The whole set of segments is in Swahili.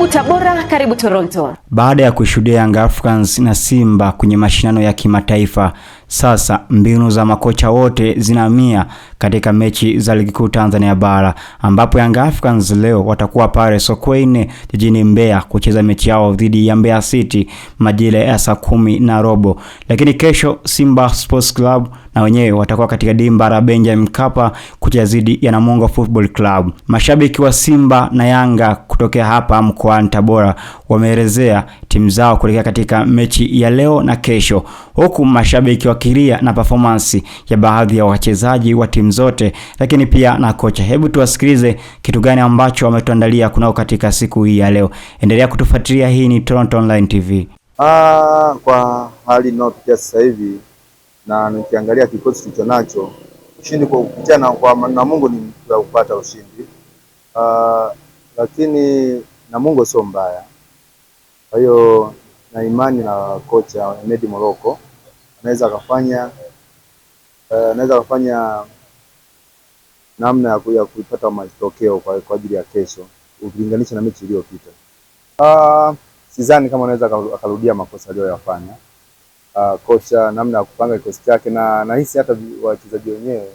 Karibu Tabora, karibu Toronto. Baada ya kushuhudia Young Africans na Simba kwenye mashindano ya kimataifa sasa mbinu za makocha wote zinamia katika mechi za ligi kuu Tanzania bara ambapo Young Africans leo watakuwa pale Sokoine jijini Mbeya kucheza mechi yao dhidi ya Mbeya City majira ya saa kumi na robo, lakini kesho Simba Sports Club na wenyewe watakuwa katika dimba la Benjamin Mkapa kucheza dhidi ya Namungo Football Club. Mashabiki wa Simba na Yanga kutokea hapa mkoani Tabora wameelezea timu zao kuelekea katika mechi ya leo na kesho, huku mashabiki wakilia na performance ya baadhi ya wachezaji wa timu zote, lakini pia na kocha. Hebu tuwasikilize kitu gani ambacho wametuandalia kunao katika siku hii ya leo. Endelea kutufuatilia, hii ni Toronto Online TV. Aa, ah, kwa hali inayopitia sasa hivi na nikiangalia kikosi kilicho nacho ushindi kwa kupitia na kwa na Mungu ni kupata ushindi. uh, lakini na Mungu sio mbaya kwa hiyo na imani na kocha Medi Morocco anaweza akafanya eh, anaweza uh, akafanya namna ya kuipata matokeo kwa ajili ya kesho ukilinganisha na mechi iliyopita. Uh, sidhani kama anaweza akarudia makosa aliyoyafanya uh, kocha namna ya kupanga kikosi chake, na nahisi hata wachezaji wenyewe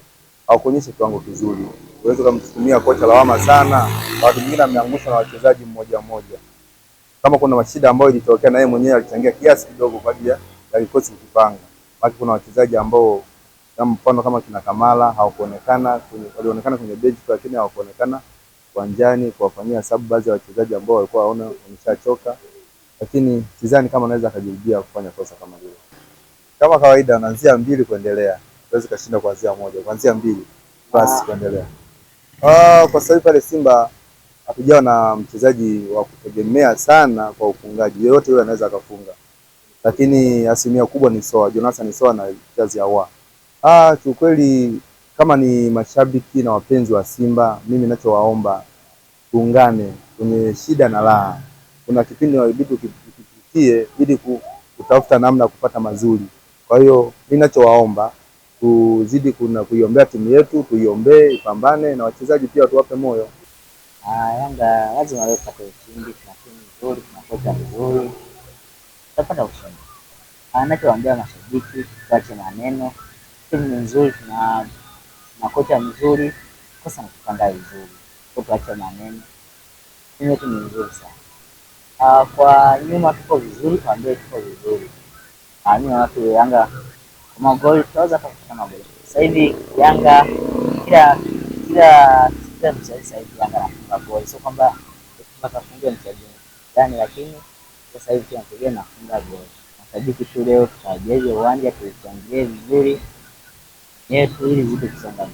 hawakuonyesha kiwango kizuri. Unaweza kumtumia kocha lawama sana, watu wengine ameangushwa na wachezaji mmoja mmoja kama kuna mashida ambayo ilitokea na yeye mwenyewe alichangia kiasi kidogo kwa ajili ya kikosi kukipanga. Baki kuna wachezaji ambao kama mfano kama kina Kamala hawakuonekana, walionekana kwenye bench benchi lakini hawakuonekana uwanjani kuwafanyia sababu baadhi ya wachezaji ambao walikuwa waona wameshachoka, lakini sidhani kama anaweza akajirudia kufanya kosa kama hilo. Kama kawaida, anaanzia mbili kuendelea, hawezi kashinda kuanzia moja, kuanzia mbili basi kuendelea. Ah, ah kwa sababu pale Simba hatujawa na mchezaji wa kutegemea sana kwa ufungaji. Yeyote yule anaweza akafunga, lakini asilimia kubwa ni Soa Jonathan, Soa na kazi ya wa ah, kiukweli kama ni mashabiki na wapenzi wa Simba, mimi ninachowaomba tuungane kwenye shida na raha. Kuna kipindi inabidi tukipitie ili kutafuta namna ya kupata mazuri. Kwa hiyo ninachowaomba tuzidi kuiombea timu yetu, tuiombee ipambane, na wachezaji pia tuwape moyo. Ah, yanga lazima leo tupate ushindi. Tuna timu nzuri, tuna kocha mzuri, tutapata ushindi. Anachoambia ah, mashabiki, tuache maneno. Timu ni nzuri, tuna na kocha mzuri, kosa na kupanga vizuri, tuache maneno. Timu yetu ni nzuri sana, ah, kwa nyuma tuko vizuri, kwa tuko vizuri. Mimi watu Yanga kwa magoli tutaweza kupata magoli. Sasa hivi Yanga kila kila mchezaji mshahidi sahizi Yanga nafunga goli, sio kwamba kafungia mchezaji gani, lakini sasa hivi tunapiga nafunga goli. Mashabiki tu leo tutawajaje uwanja, tulishangilie vizuri yetu ili zidi kusonga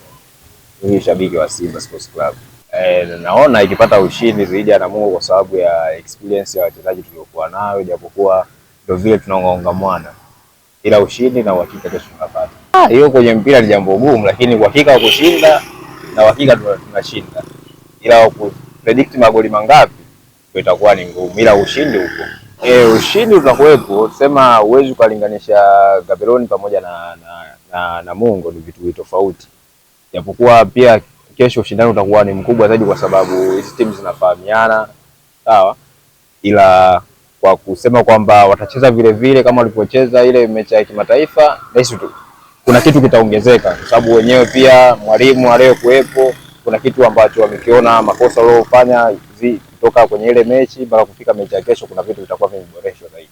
mbele. ni shabiki wa Simba Sports Club. Eh, naona ikipata ushindi zaidi na Mungu kwa sababu ya experience ya wachezaji tuliokuwa nayo, japokuwa ndio vile tunaongaonga mwana ila ushindi na uhakika kesho tunapata. Ah, Hiyo kwenye mpira ni jambo gumu, lakini uhakika wa kushinda na uhakika tunashinda, ila kupredict magoli mangapi ndio itakuwa ni ngumu, ila ushindi huko e, ushindi utakuwepo. Sema uwezi ukalinganisha Gaberoni pamoja na, na, na, na Mungu ni vitu tofauti, japokuwa pia kesho ushindani utakuwa ni mkubwa zaidi, kwa sababu hizi timu zinafahamiana sawa, ila kwa kusema kwamba watacheza vile vile kama walivyocheza ile mechi ya kimataifa, nahisi kuna kitu kitaongezeka, kwa sababu wenyewe pia mwalimu aliyekuwepo kuna kitu ambacho wamekiona makosa waliofanya kutoka kwenye ile mechi mpaka kufika mechi ya kesho, kuna vitu vitakuwa vimeboreshwa zaidi.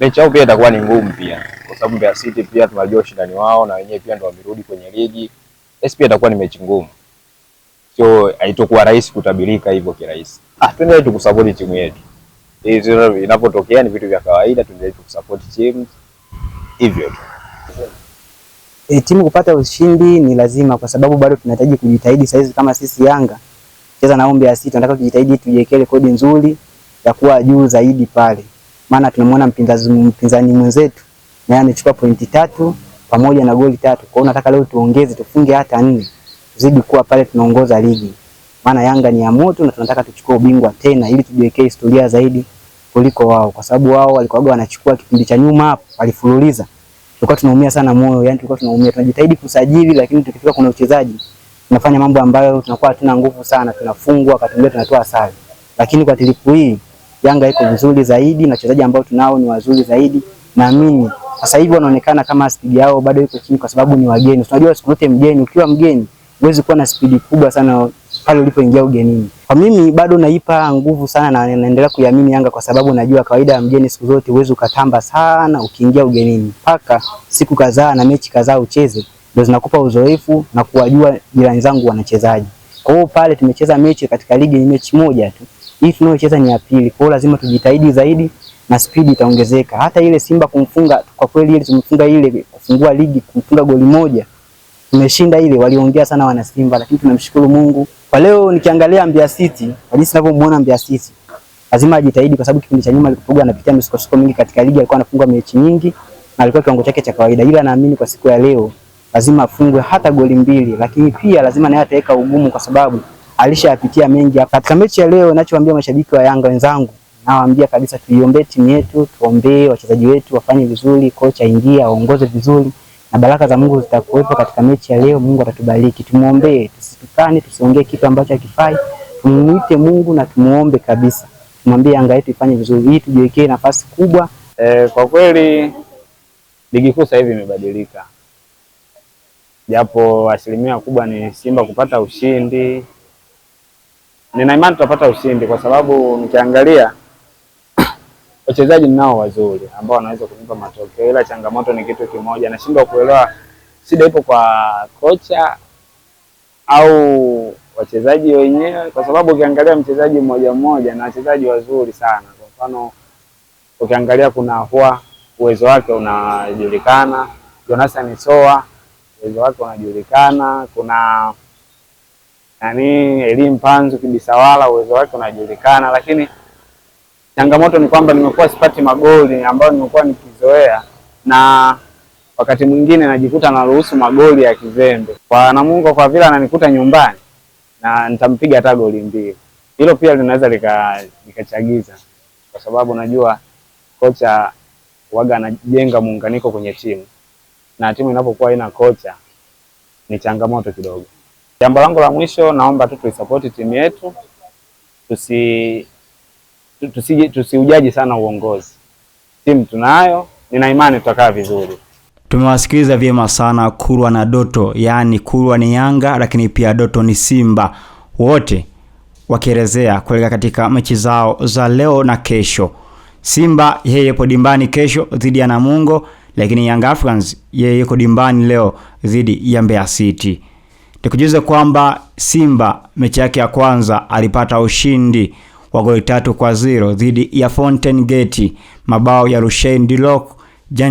Mechi yao pia itakuwa ni ngumu pia, kwa sababu Mbeya City pia tunajua ushindani wao na wenyewe pia ndio wamerudi kwenye ligi. Yes, pia itakuwa ni mechi ngumu, sio haitokuwa rahisi kutabirika hivyo kirahisi. Ah, tuendelee tu kusupport timu yetu, hizo inapotokea ni vitu vya kawaida. Tuendelee tu kusupport timu hivyo tu e, timu kupata ushindi ni lazima, kwa sababu bado tunahitaji kujitahidi. Saizi kama sisi Yanga cheza na ombi ya sita, tunataka kujitahidi tujiwekele kodi nzuri ya kuwa juu zaidi pale, maana tunamwona mpinzani mwenzetu naye amechukua pointi tatu pamoja na goli tatu. Kwa hiyo nataka leo tuongeze, tufunge hata nne, zidi kuwa pale tunaongoza ligi, maana Yanga ni ya moto na tunataka tuchukue ubingwa tena, ili tujiwekee historia zaidi kuliko wao, kwa sababu wao walikuwa wanachukua kipindi cha nyuma hapo, walifululiza tulikuwa tunaumia sana moyo, yani tulikuwa tunaumia, tunajitahidi kusajili, lakini tukifika kuna uchezaji tunafanya mambo ambayo tunakuwa hatuna nguvu sana, tunafungwa, wakati mwingine tunatoa sare. Lakini kwa tilipu hii Yanga iko vizuri zaidi na wachezaji ambao tunao ni wazuri zaidi, naamini sasa hivi wanaonekana kama spidi yao bado iko chini, kwa sababu ni wageni. Tunajua siku zote mgeni, ukiwa mgeni huwezi kuwa na spidi kubwa sana pale ulipoingia ugenini. Kwa mimi bado naipa nguvu sana na naendelea kuiamini Yanga kwa sababu najua kawaida ya mgeni siku zote huwezi ukatamba sana ukiingia ugenini, mpaka siku kadhaa na mechi kadhaa ucheze ndio zinakupa uzoefu na kuwajua jirani zangu wanachezaji. Kwa hiyo pale tumecheza mechi katika ligi ni mechi moja tu, hii tunayocheza ni ya pili. Kwa hiyo lazima tujitahidi zaidi na spidi itaongezeka. Hata ile Simba kumfunga kwa kweli, ile tumfunga ile kufungua ligi kumfunga goli moja tumeshinda ile, waliongea sana wana Simba, lakini tunamshukuru Mungu kwa leo. Nikiangalia Mbeya City, jinsi ninavyomuona Mbeya City lazima ajitahidi, kwa sababu kipindi cha nyuma alipokuwa anapitia misukosuko mingi katika ligi, alikuwa anafungwa mechi nyingi na alikuwa kiwango chake cha kawaida, ila naamini kwa siku ya leo lazima afungwe hata goli mbili, lakini pia lazima naye ataweka ugumu, kwa sababu alishayapitia mengi katika mechi ya leo. Ninachowaambia mashabiki wa Yanga wenzangu, nawaambia kabisa, tuiombee timu yetu, tuombee wachezaji wetu wafanye vizuri, kocha ingia aongoze vizuri na baraka za Mungu zitakuwepo katika mechi ya leo. Mungu atatubariki, tumuombee, tusitukane, tusiongee kitu ambacho hakifai. Tumuite Mungu na tumuombe kabisa, tumwambie Yanga yetu ifanye vizuri, hii tujiwekee nafasi kubwa. E, kwa kweli ligi kuu sasa hivi imebadilika, japo asilimia kubwa ni Simba kupata ushindi. Nina imani tutapata ushindi kwa sababu nikiangalia wachezaji nao wazuri ambao wanaweza kunipa matokeo, ila changamoto ni kitu kimoja, nashindwa kuelewa shida ipo kwa kocha au wachezaji wenyewe, kwa sababu ukiangalia mchezaji mmoja mmoja na wachezaji wazuri sana. Kwa mfano ukiangalia kuna Ahoua uwezo wake unajulikana, Jonathan Soa uwezo wake unajulikana, kuna nani Elie Mpanzu Kibisawala uwezo wake unajulikana, lakini Changamoto ni kwamba nimekuwa sipati magoli ambayo nimekuwa nikizoea, na wakati mwingine najikuta naruhusu magoli ya kizembe. Kwa Namungo, kwa vile ananikuta nyumbani na nitampiga hata goli mbili, hilo pia linaweza likachagiza, kwa sababu najua kocha waga anajenga muunganiko kwenye timu, na timu inapokuwa haina kocha ni changamoto kidogo. Jambo langu la mwisho, naomba tu tuisapoti timu yetu tusi tusije tusiujaji sana uongozi. Timu tunayo, nina imani tutakaa vizuri. Tumewasikiliza vyema sana Kurwa na Doto, yaani Kurwa ni Yanga lakini pia Doto ni Simba, wote wakielezea kuelekea katika mechi zao za leo na kesho. Simba yeye yupo dimbani kesho dhidi ya Namungo, lakini Young Africans yeye yuko dimbani leo dhidi ya Mbeya City. Nikujuze kwamba Simba mechi yake ya kwanza alipata ushindi wa goli tatu kwa zero dhidi ya Fountain Gate, mabao ya Rushain Dilok,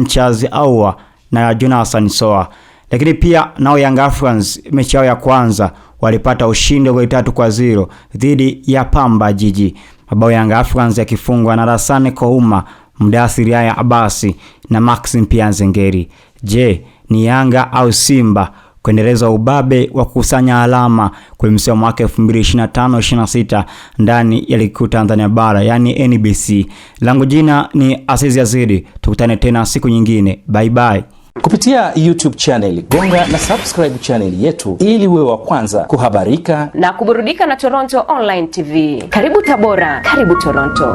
Charles Awa na Jonathan Soa. Lakini pia nao Young Africans mechi yao ya kwanza walipata ushindi wa goli tatu kwa zero dhidi ya Pamba Jiji, mabao ya Young Africans yakifungwa na Rasane Kouma, Mdasiri Yaya Abasi na Maxim Pianzengeri. Je, ni Yanga au Simba? kuendeleza ubabe wa kukusanya alama kwenye msimu wake 2025-26 ndani ya ligi kuu Tanzania bara yani NBC. Langu jina ni Azizi Azidi, tukutane tena siku nyingine, bye bye. Kupitia YouTube channel gonga na subscribe channel yetu ili uwe wa kwanza kuhabarika na kuburudika na Toronto Online TV. Karibu Tabora, karibu Toronto.